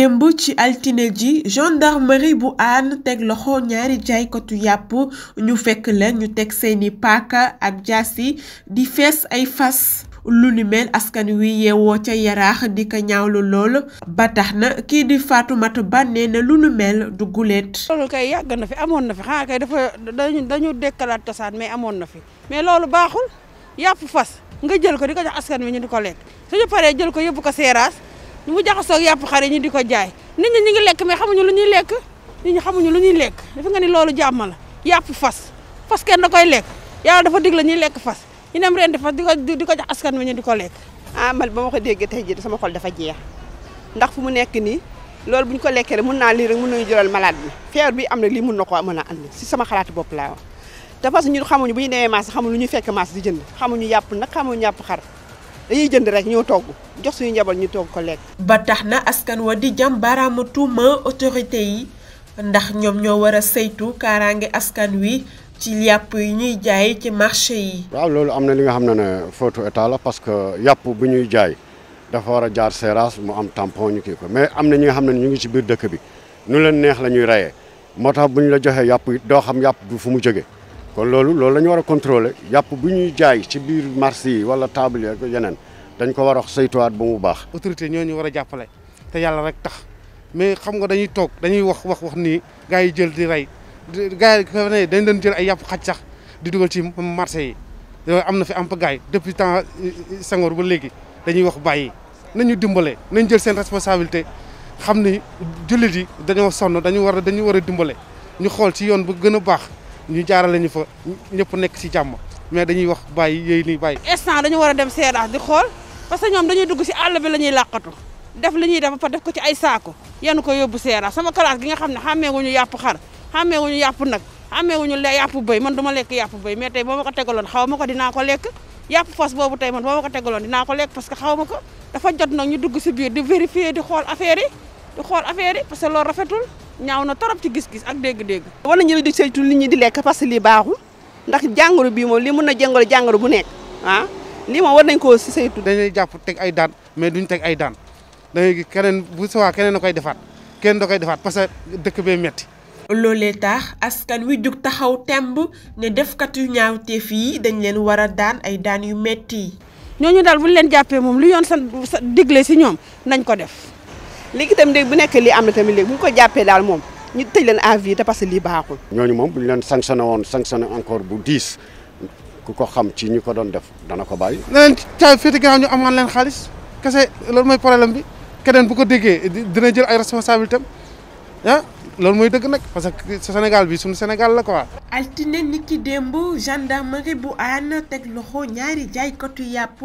démb ci altine ji gendarmerie bu Hann teg loxo ñaari jaaykatu yàpp ñu fekk leen ñu teg seeni paaka ak jaasi di fees ay fas lu ni mel askan wi yeewoo ca yaraax di ko ñaawlu lool ba tax na kii di Fatoumata Ba nee na lu nu mel dugg guleet. loolu kay yàgg na fi amoon na fi xanaa kay dafa dañu dañu dekkalaat cosaan mais amoon na fi mais loolu baaxul yàpp fas nga jël ko di ko jox askan wi ñu di ko lekk suñu paree jël ko yóbbu ko seeraas. ñu mu jaxasoo yàpp xar yi ñu di ko jaay nit ñi ñu ngi lekk ma xamuñu lu ñuy lekk nit ñu xamuñu lu ñuy lekk dafa nga ni loolu jàmm la yàpp fas fas kenn da koy lekk yàlla dafa dig la ñuy lekk fas ñu ren di fas di ko di ko jox askan wi ñu di ko lekk ah man ba ma tey jii sama xol dafa jeex ndax fu mu nekk nii loolu bu ko lekkee rek naa lii rek mën nañu jural malade bi feebar bi am na lii mën na ko mën a ànd si sama xalaatu bopp laa wax te fas ñun xamuñu bu ñu demee marché xamuñu lu ñuy fekk marché di jënd xamuñu yàpp nag xamuñu yàpp xar dañuy jënd rek ñoo togg jox suñu njaboot ñu togg ko lekk. ba tax na askan wa di jam baaraamu tuuma autorité yi ndax ñoom ñoo war a saytu kaaraange askan wi ci yàpp yi ñuy jaay ci marché yi. waaw loolu am na li nga xam ne ne photo état la parce que yàpp bu ñuy jaay dafa war a jaar seeraas mu am tampon ñu kii ko mais am na ñi nga xam ne ñu ngi ci biir dëkk bi nu leen neex la ñuy reyee moo tax bu ñu la joxee yàpp it doo xam yàpp fu mu jógee. kon loolu loolu la ñu war a contrôler yàpp bu ñuy jaay ci biir marché yi wala table yi ak dañ ko war a saytuwaat ba mu baax autorité ñoo ñu war a jàppale te yàlla rek tax mais xam nga dañuy toog dañuy wax wax wax nii gars yi jël di rey gars yi fee ne dañ leen jël ay yàpp xaj sax di dugal ci marché yi yooyu am na fi ampa gars yi depuis temps euh, sangor ba léegi dañuy wax bàyyi nañu dimbale nañ jël seen responsabilité xam ni jullit yi dañoo sonn dañu war a dañu war a dimbale ñu xool ci yoon bu gën a baax ñu jaarale ñu fa ñëpp nekk si jàmm mais dañuy wax bàyyi yéy ni bàyyi instant dañu war a dem seedaax di xool parce que ñoom dañuy dugg si àll bi la ñuy làqatu def li ñuy def ba def ko ci ay saako yenn ko yóbbu seera sama classe gi nga xam ne xàmmeewuñu yàpp xar xàmmeewuñu yàpp nag xàmmeewuñu yàpp bëy man du lekk yàpp bëy mais tey boo ma tegaloon xaw ma ko dinaa ko lekk yàpp fas boobu tey ma ko tegaloon dinaa ko que xaw ko dafa jot nag ñu dugg si biir di vérifier di xool affaire yi di affaire yi parce que loolu rafetul ñaaw na torop ci gis-gis ak dégg-dégg wala ñu di saytu li ñi di lekk parce que lii baaxu ndax jàngoro bii moom li mën a jàngoro jàngoro bu nekk ah lii moom war nañ koo si saytu dañuy jàpp teg ay daan mais duñ teg ay daan dangay keneen bu sawaa keneen da koy defaat keneen da koy defaat parce que dëkk bee metti loolee tax askan wi jug taxaw temb ne kat yu ñaawteef yi dañ leen war a daan ay daan yu metti ñooñu daal bu ñu leen jàppee moom lu yoon sa digle si ñoom nañ ko def léegi itam léegi bu nekk lii am na tamit ko jàppee daal moom ñu tëj leen à vie que lii baaxul ñooñu moom bu ñu leen sanctionné woon sanctionné encore bu diis ku ko xam ci ñu ko doon def dana ko bàyyi nañ tay fete gi ñu amaan leen xaalis kese loolu mooy problème bi keneen bu ko déggee dina jël ay responsabilité am ah, loolu mooy dëgg nag parce que sa Sénégal bi sunu Sénégal la quoi. altine ni ki démb gendarmerie bu aan teg loxo ñaari jaaykatu yàpp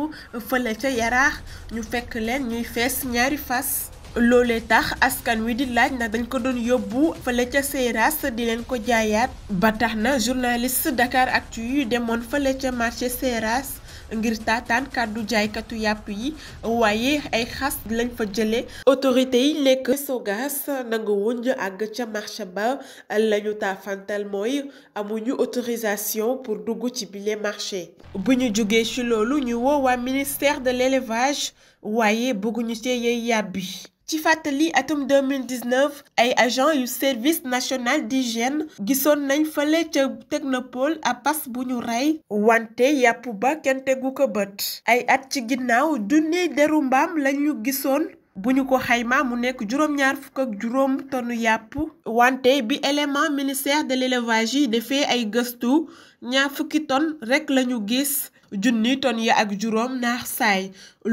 fële ca yaraax ñu fekk leen ñuy fees ñaari fas. loolee tax askan wi di laaj na dañ ko doon yóbbu fële ca Seras di leen ko jaayaat ba tax na journaliste Dakar Actu yu demoon fële ca marché Seras ngir taataan kàddu jaaykatu yàpp yi waaye ay xas lañ fa jële autorité yi nekk Sogas nangu wunj àgg ca marché ba lañu taafantal mooy amuñu autorisation pour dugg ci bile marché bu ñu jógee ci loolu ñuy woo waa ministère de l'élevage waaye bëgguñu see yey yàbbi ci fàttali atum 2019 ay agent yu service national d'hygiène gisoon nañ fële ca technopole à pass bu ñu rey wante yàpp ba kenn tegu ko bët ay at ci ginnaaw junni deru mbaam lañu gisoon bu ñu ko xayma mu nekk juróom ak juróom tonu yàpp wante bi élément ministère de l'élevage yi defee ay gëstu ñaar fukki ton rekk lañu gis junni ton yi ak juróom naax saay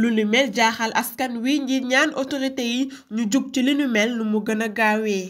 lu ni mel jaaxal askan wi ngi ñaan autorité yi ñu jug ci li nu mel nu mu gëna a gaawee